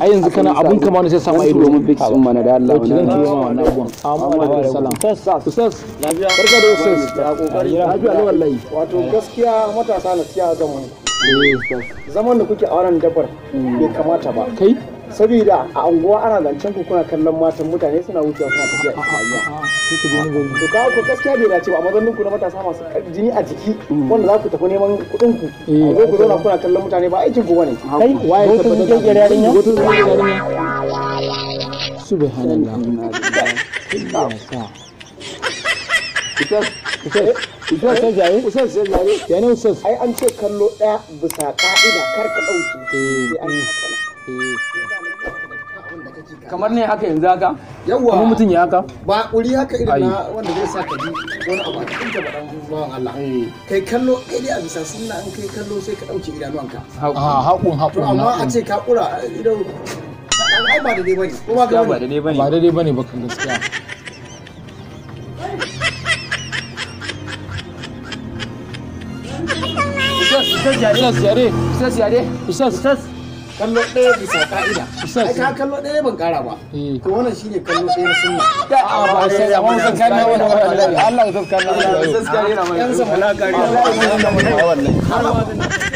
ai yanzu kana abun kama wani sai sama ido mun fix din mana da Allah wannan zan kiyaye wannan abun amma da salam ustaz ustaz lafiya barka da ustaz ya kokari lafiya ne wallahi wato gaskiya matasa na siya zaman eh, zaman da kuke a wannan dabar bai kamata ba kai saboda a unguwa ana zancen ku kuna kallon matan mutane suna wucewa suna tafiya a hanya to ka ku gaskiya bai dace ba amma zan ku na matasa masu jini a jiki mm. wanda za ku tafi neman kuɗin ku ko eh. ku zauna kuna kallon mutane ba aikin ku bane kai waye ka tafi da yarinya subhanallah Usas sai jaye? Usas sai jaye? Ya ne usas? Ai an ce kallo ɗaya bisa ƙa'ida kar ka ɗauki. Eh, kamar ne haka yanzu haka yawa kuma mutum ya haka ba kuri haka irin na wanda zai sa ka ji wani abu a cikin ka baɗan zuwan Allah eh. kai kallo kai dai a bisa sunna an kai kallo sai ka ɗauke idanuwanka haƙun ah, haƙun amma a ce ka kura idan ba da dai bane ko ba dai bane ba da dai bane ba kan gaskiya Ustaz, Ustaz ustaz, Ustaz ustaz, Ustaz, Ustaz. kallo ɗaya bisa ka'ida ai ka kallo ɗaya ban kara ba hmm. to wannan shine kallo ɗaya na sunna da a ba sai da wannan kan ne wannan Allah Allah ya tsaka yana mai Allah ya tsaka Allah ya tsaka